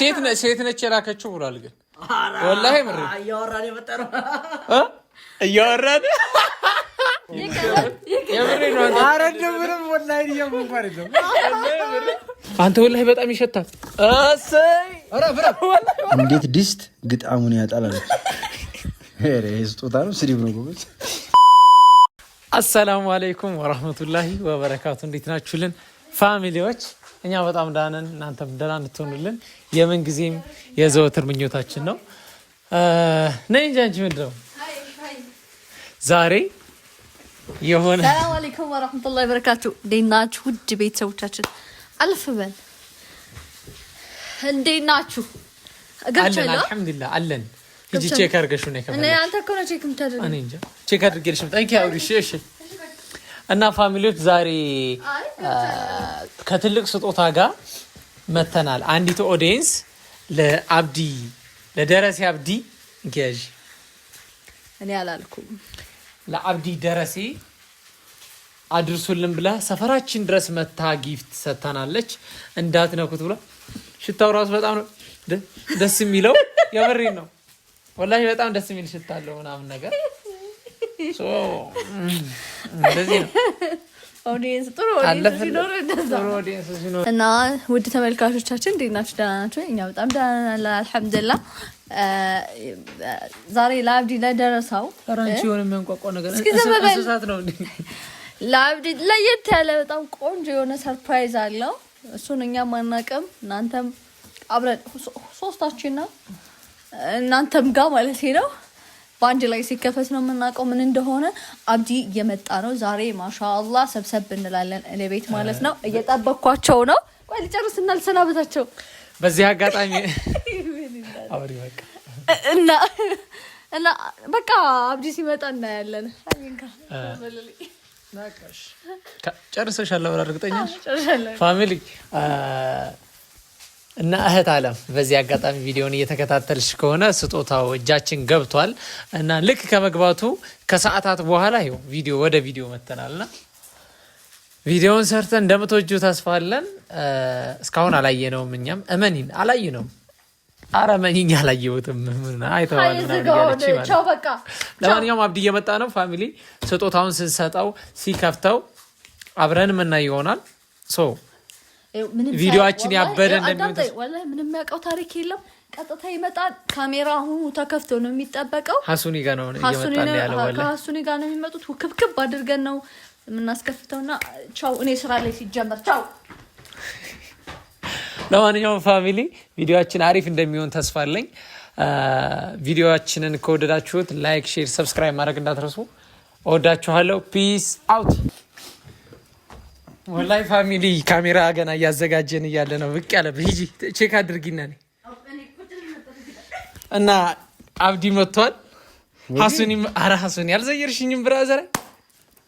ሴት ነች የላከችው ብሏል። ግን ወላሂ ምር እያወራን የመጣነው እያወራን አንተ ወላሂ በጣም ይሸታል። እንዴት ድስት ግጣሙን ያጣላል? ስጦታ ነው፣ ስድብ ነው። ጎበዝ አሰላሙ አለይኩም ወራህመቱላሂ ወበረካቱ። እንዴት ናችሁልን ፋሚሊዎች? እኛ በጣም ዳነን፣ እናንተም ደህና እንድትሆኑልን የምን ጊዜም የዘወትር ምኞታችን ነው። ነይ እንጂ አንቺ ምንድን ነው ዛሬ የሆነ ሰላም አለይኩም ወራህመቱላሂ ወበረካቱ። እንዴት ናችሁ ውድ ቤተሰቦቻችን? አልፍ በል እንዴት ናችሁ? አለን አልሐምዱሊላህ አለን። ሂጂ ቼክ አድርገሽው ነው የከበደ። አንተ እኮ ነው ቼክ የምታደርገው። እኔ እንጃ ቼክ አድርጌልሽ መጣ። እሺ እሺ እና ፋሚሊዎች ዛሬ ከትልቅ ስጦታ ጋር መተናል። አንዲት ኦዲየንስ ለአብዲ ለደረሴ አብዲ ገዥ እኔ አላልኩም ለአብዲ ደረሴ አድርሱልን ብላ ሰፈራችን ድረስ መታ ጊፍት ሰጥታናለች። እንዳትነኩት ብላ ሽታው ራሱ በጣም ነው ደስ የሚለው። የምሬን ነው ወላሂ በጣም ደስ የሚል ሽታ አለው ምናምን ነገር Mm, እንደዚህ ነው። እና ውድ ተመልካቾቻችን እንዴት ናችሁ? ደህና ናችሁ? እኛ በጣም ደህና ነን፣ አልሐምዱሊላህ። ዛሬ ለአብዲ ለደረሰው ለአብዲ ለየት ያለ በጣም ቆንጆ የሆነ ሰርፕራይዝ አለው። እሱን እኛም አናውቅም፣ እናንተም አብረን ሶስታችን ነው እናንተም ጋር ማለት ነው በአንድ ላይ ሲከፈት ነው የምናውቀው ምን እንደሆነ። አብዲ እየመጣ ነው ዛሬ ማሻአላ፣ ሰብሰብ እንላለን ለቤት ማለት ነው። እየጠበኳቸው ነው። ቆይ ልጨርስ እና ልሰናበታቸው በዚህ አጋጣሚ እና እና በቃ አብዲ ሲመጣ እናያለን። ጨርሰሻል? እርግጠኛ ፋሚሊ እና እህት አለም በዚህ አጋጣሚ ቪዲዮን እየተከታተልሽ ከሆነ ስጦታው እጃችን ገብቷል እና ልክ ከመግባቱ ከሰዓታት በኋላ ይኸው ቪዲዮ ወደ ቪዲዮ መተናልና ቪዲዮውን ሰርተን እንደምትወጁ ተስፋ አለን። እስካሁን አላየነውም። እኛም እመኒን አላየነውም። አረ መኒኝ አላየሁትም። አይተዋል። ለማንኛውም አብዲ እየመጣ ነው። ፋሚሊ ስጦታውን ስንሰጠው ሲከፍተው አብረን ምና ይሆናል ቪዲዮችን ያበደ ምንም ያውቀው ታሪክ የለም። ቀጥታ ይመጣል። ካሜራ አሁኑ ተከፍቶ ነው የሚጠበቀው። ሀሱኒ ጋ ነው ከሀሱኒ ጋ ነው የሚመጡት። ውክብክብ አድርገን ነው የምናስከፍተውና ቻው። እኔ ስራ ላይ ሲጀመር ቻው። ለማንኛውም ፋሚሊ ቪዲዮችን አሪፍ እንደሚሆን ተስፋ አለኝ። ቪዲዮችንን ከወደዳችሁት ላይክ፣ ሼር፣ ሰብስክራይብ ማድረግ እንዳትረሱ። እወዳችኋለሁ። ፒስ አውት ወላይ ፋሚሊ ካሜራ ገና እያዘጋጀን እያለ ነው ብቅ ያለ ሂጂ ቼክ አድርጊና እና አብዲ መጥቷል። ሀሱኒ አረ ሀሱኒ አልዘየርሽኝም ብራዘር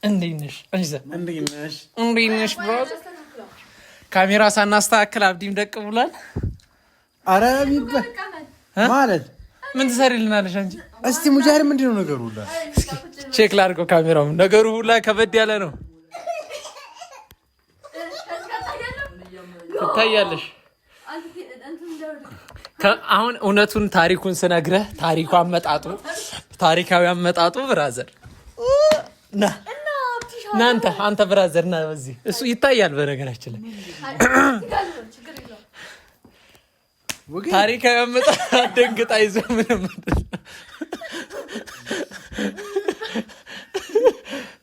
እንዴት ነሽ? ካሜራ ሳናስተካክል አብዲም ደቅ ብሏል። አረ ማለት ምን ትሰሪልናለሽ አንቺ? እስቲ ሙጃር ምንድነው ነው ነገሩ ሁላ ቼክ ላድርገው ካሜራውን። ነገሩ ሁላ ከበድ ያለ ነው። ትታያለሽ። አሁን እውነቱን ታሪኩን ስነግረህ ታሪኩ አመጣጡ ታሪካዊ አመጣጡ ብራዘር ናንተ አንተ ብራዘር ና በዚህ እሱ ይታያል። በነገራችን ላይ ታሪካዊ አመጣ አደንግጣ ይዞ ምንም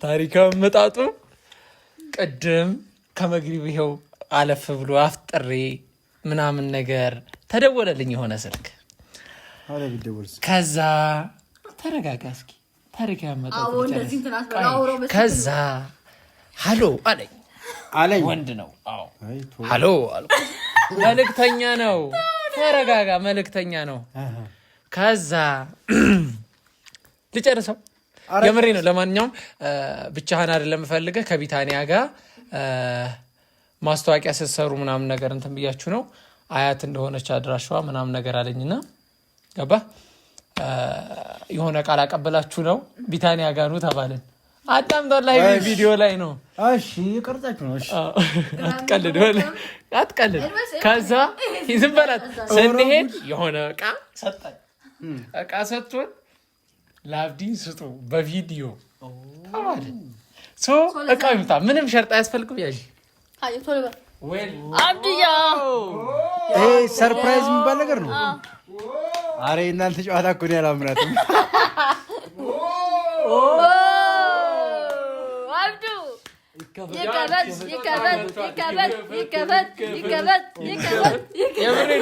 ታሪካዊ አመጣጡ ቅድም ከመግሪብ ይኸው አለፍ ብሎ አፍጥሪ ምናምን ነገር ተደወለልኝ የሆነ ስልክ። ከዛ ተረጋጋ እስኪ ታሪክ ያመጣው ከዛ ሀሎ አለኝ አለኝ። ወንድ ነው። ሀሎ መልእክተኛ ነው። ተረጋጋ፣ መልእክተኛ ነው። ከዛ ልጨርሰው፣ የምሬ ነው። ለማንኛውም ብቻህን አይደለም እፈልገህ ከቢታንያ ጋር ማስታወቂያ ስትሰሩ ምናምን ነገር እንትን ብያችሁ ነው አያት እንደሆነች አድራሻዋ ምናምን ነገር አለኝና ገባ የሆነ ቃል አቀበላችሁ ነው ቢታኒያ ጋኑ ተባልን። አዳምጠው ላይ ቪዲዮ ላይ ነው አትቀልድ አትቀልድ። ከዛ ዝም በላት ስንሄድ የሆነ እቃ ሰጠን። እቃ ሰጥቶን ለአብዲን ስጡ በቪዲዮ ተባልን። እቃ ይምጣ ምንም ሸርጣ አያስፈልግም ያ አብድያ ይሄ ሰርፕራይዝ የሚባል ነገር ነው። አሬ እናንተ ጨዋታ እኮ ነው ያላምራትም። አብዱ ይከበድ ይከበድ ይከበድ ይከበድ ይከበድ ይከበድ ይከበድ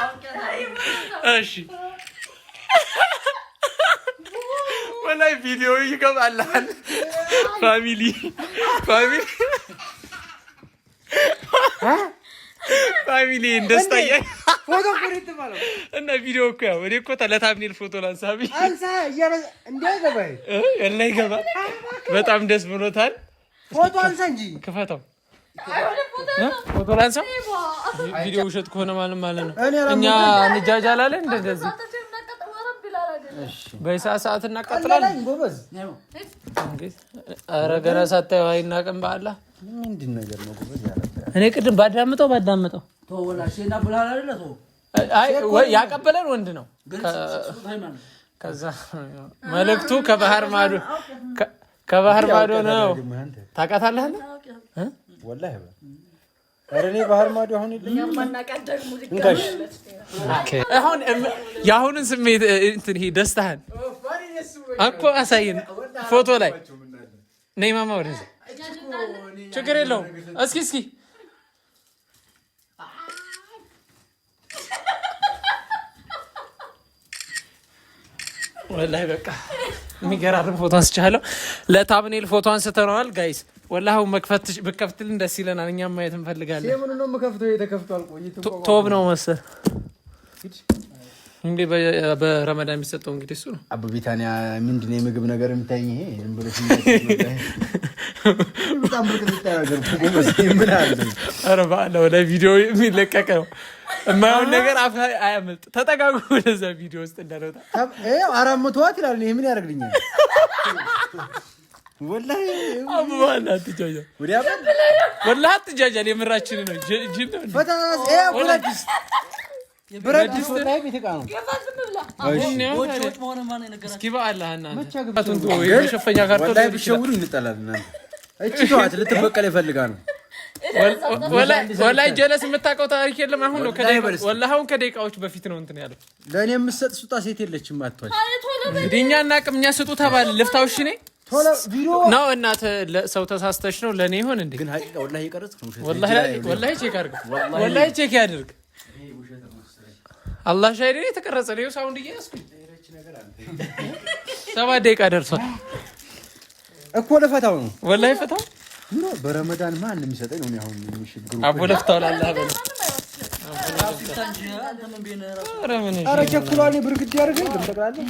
እሺ በላይ ቪዲዮ ይገባላል። ፋሚሊ ፋሚሊ ፋሚሊ እንደስታ እና ቪዲዮ እኮ ያው እኔ እኮ ለታምኔል ፎቶ ላንሳቢ ይገባል። በጣም ደስ ብሎታል። ፎቶ አንሳ እንጂ ክፈተው ፎቶ ፎቶላንሳ ቪዲዮ ውሸት ከሆነ ማለት ማለት ነው። እኛ እንጃጃ ላለን እንደዚህ በሰዓት ሰዓት እናቃጥላለን። ኧረ ገና ሳታየው አይናቅም። በአላ እኔ ቅድም ባዳምጠው ባዳምጠው ያቀበለን ወንድ ነው። ከዛ መልእክቱ ከባህር ማዶ ከባህር ማዶ ነው። ታውቃታለህ ወላሂ ብላ እኔ ባህር ማዶ አሁን አሁን የአሁኑን ስሜት እንትን ይሄ ደስታህን እኮ አሳይን ፎቶ ላይ ነይ ማማ፣ ወደ ችግር የለውም። እስኪ እስኪ ወላሂ በቃ የሚገራርም ፎቶ አንስቻለሁ። ለታብኔል ፎቶ አንስተነዋል ጋይስ ወላሁ መክፈትሽ ብከፍትልን ደስ ይለናል። እኛም ማየት እንፈልጋለን። ነው የምከፍተው? ቶብ ነው መሰል እንግዲህ በረመዳን የሚሰጠው እንግዲህ እሱ ነው። አቡ ቢታንያ ምንድን ነው የምግብ ነገር የምታይኝ? ይሄ ለቪዲዮ የሚለቀቅ ነው። የማየውን ነገር አፍ አያመልጥ። ተጠቃቁ ወደዛ ቪዲዮ ውስጥ እንዳለወጣ አራት መቶ ዋት ይላል። ይሄ ምን ያደርግልኛል? ወላ አትጃጃል። የምራችን ነው። መሸፈኛ እንጠላለን። እቺ ተዋት፣ ልትበቀል ነው። ወላይ ጀለስ የምታውቀው ታሪክ የለም። አሁን ነው ወላ አሁን ከደቂቃዎች በፊት ነው እንትን ያለው። ለእኔ የምሰጥ ስጦታ ሴት የለችም። አቷል እንግዲህ እኛ እናቅም። እኛ ስጡ ተባለ ልፍታውሽ ኔ ነው እናተ ሰው ተሳስተሽ ነው ለእኔ ይሆን እንዴ? ወላሂ ቼክ አድርግ፣ ወላሂ ቼክ ያድርግ። አላህ ሻሂድ የተቀረጸ ነው። ሳውንድ እያያዝኩኝ ሰባት ደቂቃ ደርሷል እኮ ለፈታው ነው። ወላሂ ፈታው በረመዳን ማን የሚሰጠኝ ነው? አሁን አቦ ለፍታው ላላ በለ ኧረ ቸኩሏል ብርግድ ያደርገኝ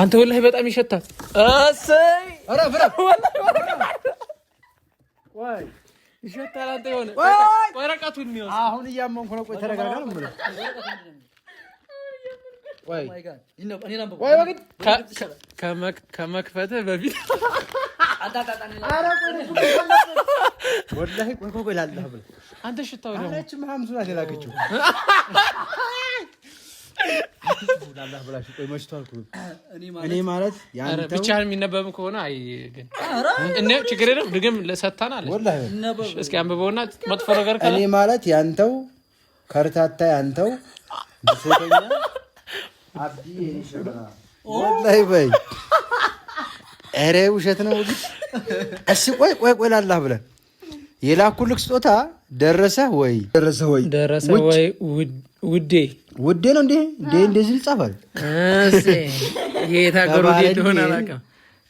አንተ ወላሂ በጣም ይሸታል። እሰይ ይሸታል። አንተ የሆነ ወረቀቱን የሚወስድ አሁን እያመንኩ ቆይ ተረጋጋ ነው እኔ ማለት ብቻህን የሚነበብ ከሆነ አይ፣ ችግር የለም ድግም ሰጥተናል። እስኪ አንብበውና መጥፎ ነገር እኔ ማለት ያንተው ከርታታ ያንተው ላይ በይ። ኧረ ውሸት ነው። እሺ ቆይ ቆይ ቆይ ላላህ ብለን የላኩልክ ስጦታ ደረሰ ወይ? ደረሰ ወይ? ደረሰ ወይ? ውድ ውዴ ውዴ ነው እንዴ እንዴ እንዴ እንደሆነ ይጻፋል።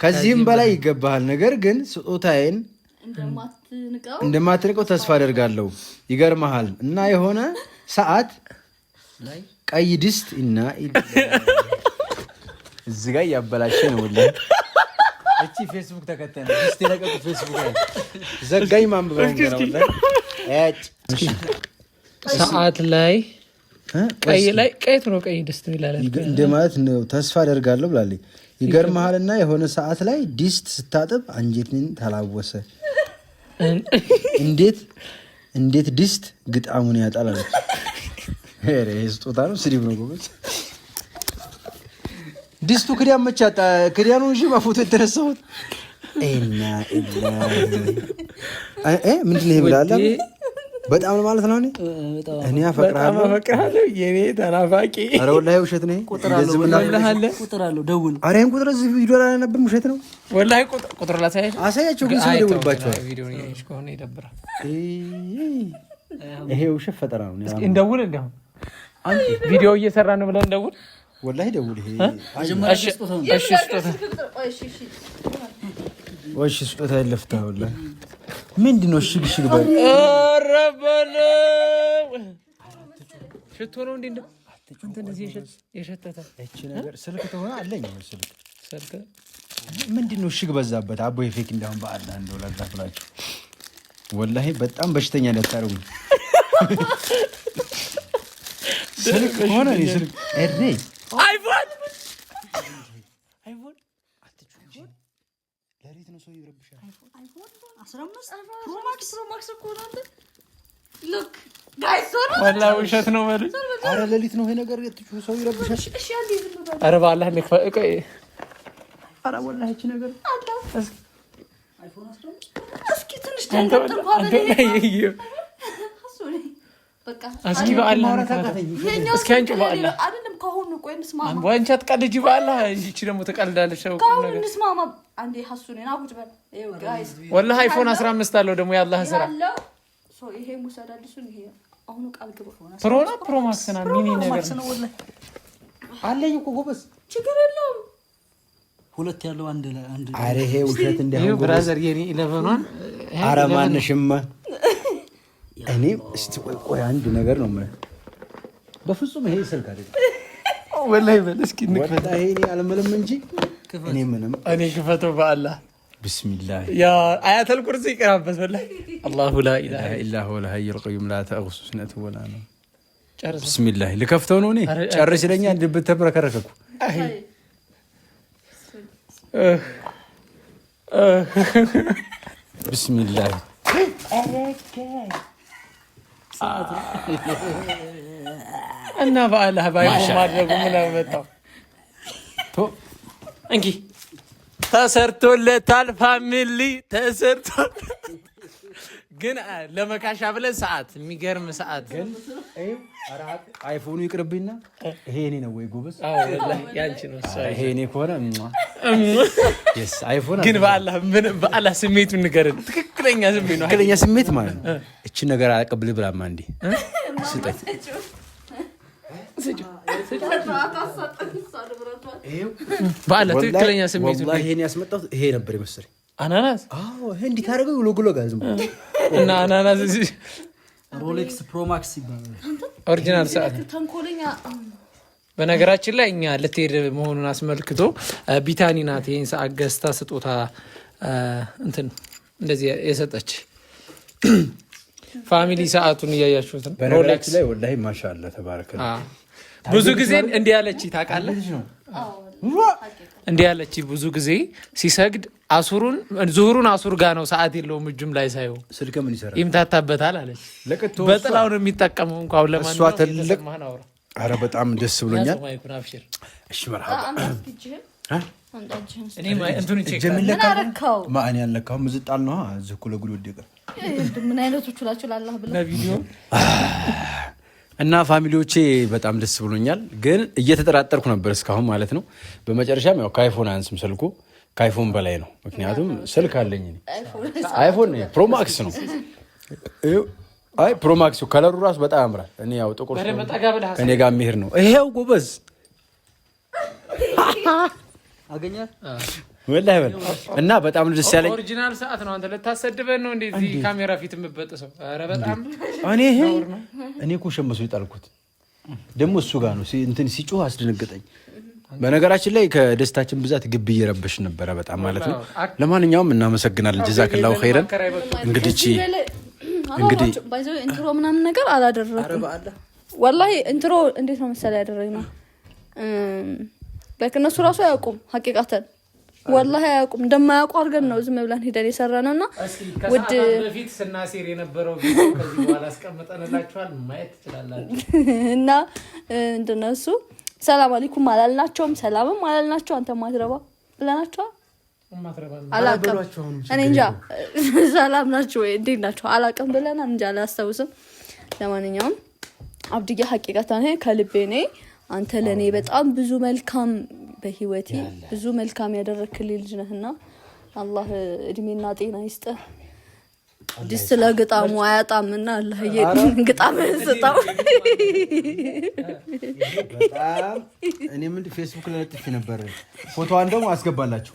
ከዚህም በላይ ይገባሃል። ነገር ግን ስጦታዬን እንደማትንቀው ተስፋ አደርጋለሁ። ይገርመሃል እና የሆነ ሰዓት ቀይ ድስት እና እዚህ ጋር እያበላሸ ነው። እቺ ፌስቡክ ተከታይ ድስት የለቀቁ ፌስቡክ ዘጋኝ ማንበብ ሰዓት ላይ ቀይ ላይ ቀይ ትኖ ቀይ ድስት እንደ ማለት ነው። ተስፋ አደርጋለሁ ብላለች። ይገርመሃልና የሆነ ሰዓት ላይ ዲስት ስታጥብ አንጀትን ተላወሰ። እንዴት እንዴት ዲስት ግጣሙን ያጣል አለች። ስጦታ ነው፣ ስድብ ነው ጎበዝ። ዲስቱ ክዳን መቻጣ ክዳኑ እ በፎቶ የተነሳሁት ምንድን ነው ይብላል በጣም ነው ማለት ነው። እኔ አፈቅርሃለሁ የኔ ተናፋቂ። ኧረ ወላሂ ውሸት ነው። ቁጥር አለው ደውል። ኧረ ቁጥር እዚህ ቪዲዮ ላይ አላነብም። ውሸት ነው ወላሂ። ቁጥር አሳያቸው ግን ሰው ይደውልባቸዋል። ይሄ ውሸት ፈጠራ ነው። እንደውል እንዲያውም ቪዲዮ እየሰራ ነው ብለን እንደውል ወላሂ ደውል። ይሄ ወሽ ስጦታ የለፍታውላ ምንድን ነው? ሽግ ሽግ በል ሽቶ ነው እንዴ? እቺ ነገር ስልክ ተሆነ አለኝ ስልክ ስልክ ምንድን ነው? ሽግ በዛበት አቦ የፌክ እንዳሁን በአላ እንደው ለዛ ብላችሁ ወላሂ በጣም በሽተኛ እንዳታረጉ። ስልክ ሆነ ስልክ ነው ሰው ይረብሻል። ወላ ውሸት ነው በል። ኧረ ሌሊት ነው ይሄ ነገር የትጩ ሰው ይረብሻል። ኧረ በአላህ ልክፈ እቀይ ኧረ ወላሂ ይህቺ ነገር እስኪ ትንሽ እስኪ በአላህ እስኪ አንቺ በአላህ ከአሁኑ ቆይ እንስማማ። አንቺ አትቀልጂ ባላ ይቺ ደግሞ ትቀልዳለሽ። ከአሁኑ እንስማማ አንዴ። ሀሱኔን አቁጭ በል ወላሂ። አይፎን አስራ አምስት አለው ደግሞ የአላህ ስራ ይሄ ሙሰድ አዲሱን ይሄ አሁኑ ቃል ግባ ፕሮ ነው ፕሮ ማክስ ነው ሚኒ ነገር አለኝ እኮ ጎበዝ፣ ችግር የለውም ሁለት ያለው አንድ አንድ። ኧረ ይሄ ውሸት እንዲያው ብራዘር የኔ ኢለቨኗን ኧረ ማንሽም እኔ እስቲ ቆይ ቆይ አንድ ነገር ነው ማለት በፍጹም ይሄ ስልክ አይደለም። ወላሂ በል እስኪ እንክፈት። ይሄ እንጂ እኔ ምንም እኔ ክፈተው በአላህ ብስሚላህ አያተል ቁርሲ ይቅራበት። ወላሂ አላሁ ላ ኢላ ሁወል ሀይዩል ቀዩም ላ ወላ ነውም። ብስሚላህ ልከፍተው ነው እኔ ጨርስ ይለኛል። ድብት ተብረከረከኩ ብስሚላህ እና በአለ ባይ ማድረጉ ምን መጣው እንጊ ተሰርቶለታል። ፋሚሊ ተሰርቶ ግን ለመካሻ ብለን ሰዓት የሚገርም ሰዓት ግን አይፎኑ ይቅርብኝና ይሄ እኔ ነው ወይ ጉብስ ይሄ እኔ ከሆነ ግን በአላ ስሜቱ ንገርን። ትክክለኛ ስሜት ነው። ትክክለኛ ስሜት ማለት ነው። እችን ነገር አቀብል ብላማ እንዲ ስጠት ባለ ትክክለኛ ስሜቱ ይሄን ይሄ ነበር የመሰለኝ አናናስ እንዲህ ታደርገው ዝም ብሎ እና አናናስ ሮሌክስ ፕሮማክስ ይባላል። ኦሪጂናል ሰዓት። በነገራችን ላይ እኛ ልትሄድ መሆኑን አስመልክቶ ቢታኒ ናት ይህን ሰዓት ገዝታ ስጦታ እንትን እንደዚህ የሰጠች ፋሚሊ ሰዓቱን እያያችሁት ነው። በነገራችን ላይ ወላሂ ማሻአላ ተባረከ። ብዙ ጊዜ እንዲህ ያለች ታውቃለህ። እንዲህ ያለች ብዙ ጊዜ ሲሰግድ አሱሩን ዙሁሩን አሱር ጋ ነው ሰዓት የለውም እጁም ላይ ሳየው ይምታታበታል አለች። በጥላው ነው የሚጠቀመው። እንኳን ለማን አረ በጣም ደስ ብሎኛል። እሺ መርሃባ ማን ያለካው ምዝጣል ነው ዝኩለጉል ወደቀ ምን አይነቶቹ ላቸው ላላ ብለ እና ፋሚሊዎቼ በጣም ደስ ብሎኛል። ግን እየተጠራጠርኩ ነበር እስካሁን ማለት ነው። በመጨረሻም ያው ከአይፎን አያንስም ስልኩ ከአይፎን በላይ ነው። ምክንያቱም ስልክ አለኝ አይፎን ፕሮማክስ ነው። አይ ፕሮማክስ ከለሩ ራሱ በጣም ያምራል። እኔ ያው ጥቁር እኔ ጋር የሚሄድ ነው። ይሄው ጎበዝ አገኛል ወላሂ በል እና በጣም ነው ደስ ያለኝ። ኦሪጂናል ሰዓት ነው። አንተ ልታሰድበን ነው እንደዚህ ካሜራ ፊት የምበጥሰው? ኧረ በጣም እኔ እኔ እኮ ሸመሶ የጣልኩት ደግሞ እሱ ጋር ነው። እንትን ሲጮህ አስደነገጠኝ። በነገራችን ላይ ከደስታችን ብዛት ግብ እየረበሽ ነበረ በጣም ማለት ነው። ለማንኛውም እናመሰግናለን። ጀዛክላሁ ኸይረን። እንግዲህ እንግዲህ ባይዘው ኢንትሮ ምናምን ነገር አላደረኩም ወላሂ። ኢንትሮ እንዴት ነው መሰለህ ያደረግነው፣ እነሱ ራሱ አያውቁም ሀቂቃተን ወላሂ አያውቁም። እንደማያውቁ አድርገን ነው ዝም ብለን ሄደን የሰራ ነው እና ውድ በፊት ስናሴር የነበረው ከዚህ በኋላ አስቀምጠንላችኋል ማየት ትችላላችሁ። እና እንደነሱ ሰላም አለይኩም አላልናቸውም፣ ሰላምም አላልናቸው። አንተ ማትረባ ብለናቸዋል። አላቅም እኔ እንጃ ሰላም ናቸው ወይ እንዴት ናቸው አላቅም ብለናል። እንጃ አላስታውስም። ለማንኛውም አብድያ ሀቂቃታ ከልቤ ነ አንተ ለእኔ በጣም ብዙ መልካም በህይወቴ ብዙ መልካም ያደረክልኝ ልጅ ነህና አላህ እድሜና ጤና ይስጥህ። ዲስ ስለ ግጣሙ አያጣም እና አላህዬ ግጣም ስጠው። እኔ ምንድን ፌስቡክ ላይ ለጥፌ ነበር። ፎቶዋን ደግሞ አስገባላችሁ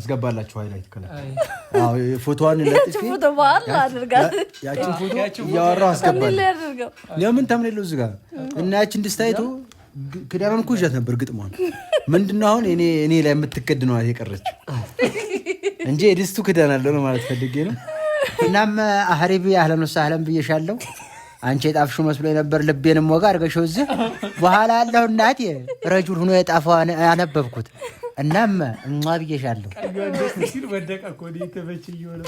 አስገባላችሁ ሃይላይት ከላይ ፎቶዋን ለጥፍ ፎቶ በኋላ አድርጋት ያችን ፎቶ እያወራሁ አስገባለሁ። ለምን ተምኔሎ እዚህ ጋር እና ያችን ድስታይቱ ክዳኑን እኮ ይዣት ነበር ግጥሟን። ምንድነው አሁን እኔ እኔ ላይ የምትከድ ነው የቀረችው እንጂ የድስቱ ክዳን አለው ነው ማለት ፈልጌ ነው። እናም አህሪቢ አህለን ወሳህለን ብዬሻለሁ። አንቺ የጣፍሽው መስሎ የነበር ልቤንም ወጋ አድርገሽው እዚህ በኋላ ያለሁ እናቴ ረጁል ሁኖ የጣፈው አነበብኩት እናም እማ ብዬሻለሁ ሲል ወደቀ እኮ የተመቸ እየሆነ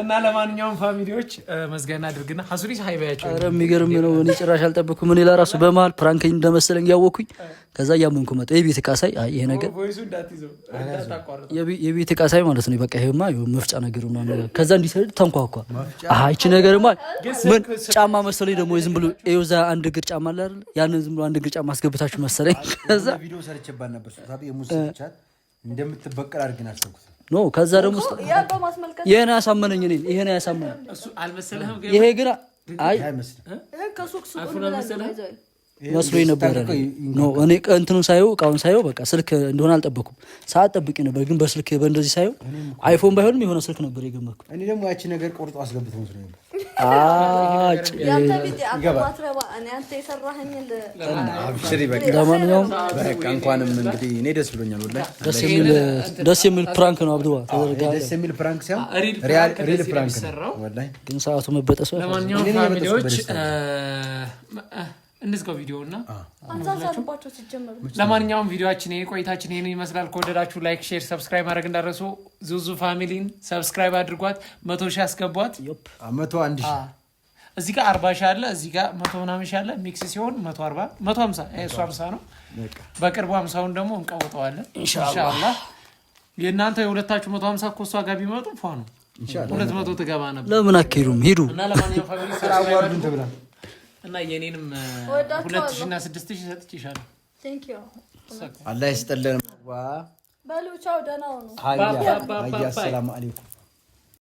እና ለማንኛውም ፋሚሊዎች መዝጋና አድርግና ሀሱሪስ ሀይበያቸው ኧረ የሚገርም ነው። እኔ ጭራሽ አልጠበኩም። እኔ ለራሱ በመሀል ፕራንክ እንደመሰለኝ እያወኩኝ ከዛ እያመንኩ መጣሁ። የቤት እቃ ሳይ ይሄ ነገር የቤት እቃ ሳይ ማለት ነው። በቃ ይሄማ መፍጫ ነገር ነው። ከዛ እንዲሰድ ተንኳኳ። ይቺ ነገርማ ምን ጫማ መሰለኝ ደግሞ ዝም ብሎ ዛ አንድ እግር ጫማ አለ አይደል? ያንን ዝም ብሎ አንድ እግር ጫማ አስገብታችሁ መሰለኝ ከዛ እንደምትበቀል አድርገን አሰብኩት። ኖ ከዛ ደግሞ ይሄን ያሳመነኝ እኔ ይሄን ያሳመነኝ ይሄ ግን አይ መስሎ ነበረ። እኔ እንትኑ ሳየው እቃውን ሳየው በቃ ስልክ እንደሆነ አልጠበኩም። ሰዓት ጠብቄ ነበር፣ ግን በስልክ በእንደዚህ ሳየው አይፎን ባይሆንም የሆነ ስልክ ነበር የገመርኩ እኔ ደግሞ ያቺ ነገር ቆርጦ አስገብቶ መስሎ ነበር። ለማንኛውም እንኳንም እንግዲህ እኔ ደስ ብሎኛል። ደስ የሚል ፕራንክ ነው አብድዋ ተደርጋ ደስ የሚል ፕራንክ ሲሆን ሪል ፕራንክ ነው። ግን ሰዓቱ ለማንኛውም ፋሚሊዎች እንዝጋው ቪዲዮ እና ለማንኛውም ቪዲዮችን ይሄ ቆይታችን ይህን ይመስላል። ከወደዳችሁ ላይክ፣ ሼር፣ ሰብስክራይብ ማድረግ እንዳረሱ ዙዙ ፋሚሊን ሰብስክራይብ አድርጓት፣ መቶ ሺህ አስገቧት። መቶ አንድ እዚህ ጋር አርባ ሺህ አለ፣ እዚህ ጋር መቶ ምናምን ሺህ አለ። ሚክስ ሲሆን መቶ አርባ መቶ ሀምሳ እሱ ሀምሳ ነው። በቅርቡ ሀምሳውን ደግሞ እንቀውጠዋለን ኢንሻላህ። የእናንተ የሁለታችሁ መቶ ሀምሳ እኮ እሷ ጋር ቢመጡ ፏ ነው ሁለት መቶ ትገባ ነበር። ለምን አካሄዱም ሄዱ እና ለማንኛውም ፋሚሊ ሰብስክራይብ አድርጉ። እና የኔንም ሁለት ሺህ እና ስድስት ሺህ ሰጥቼሻለሁ። አላህ ይስጥልን። በሉ ቻው፣ ደህና ሁኑ። ሰላም አለይኩም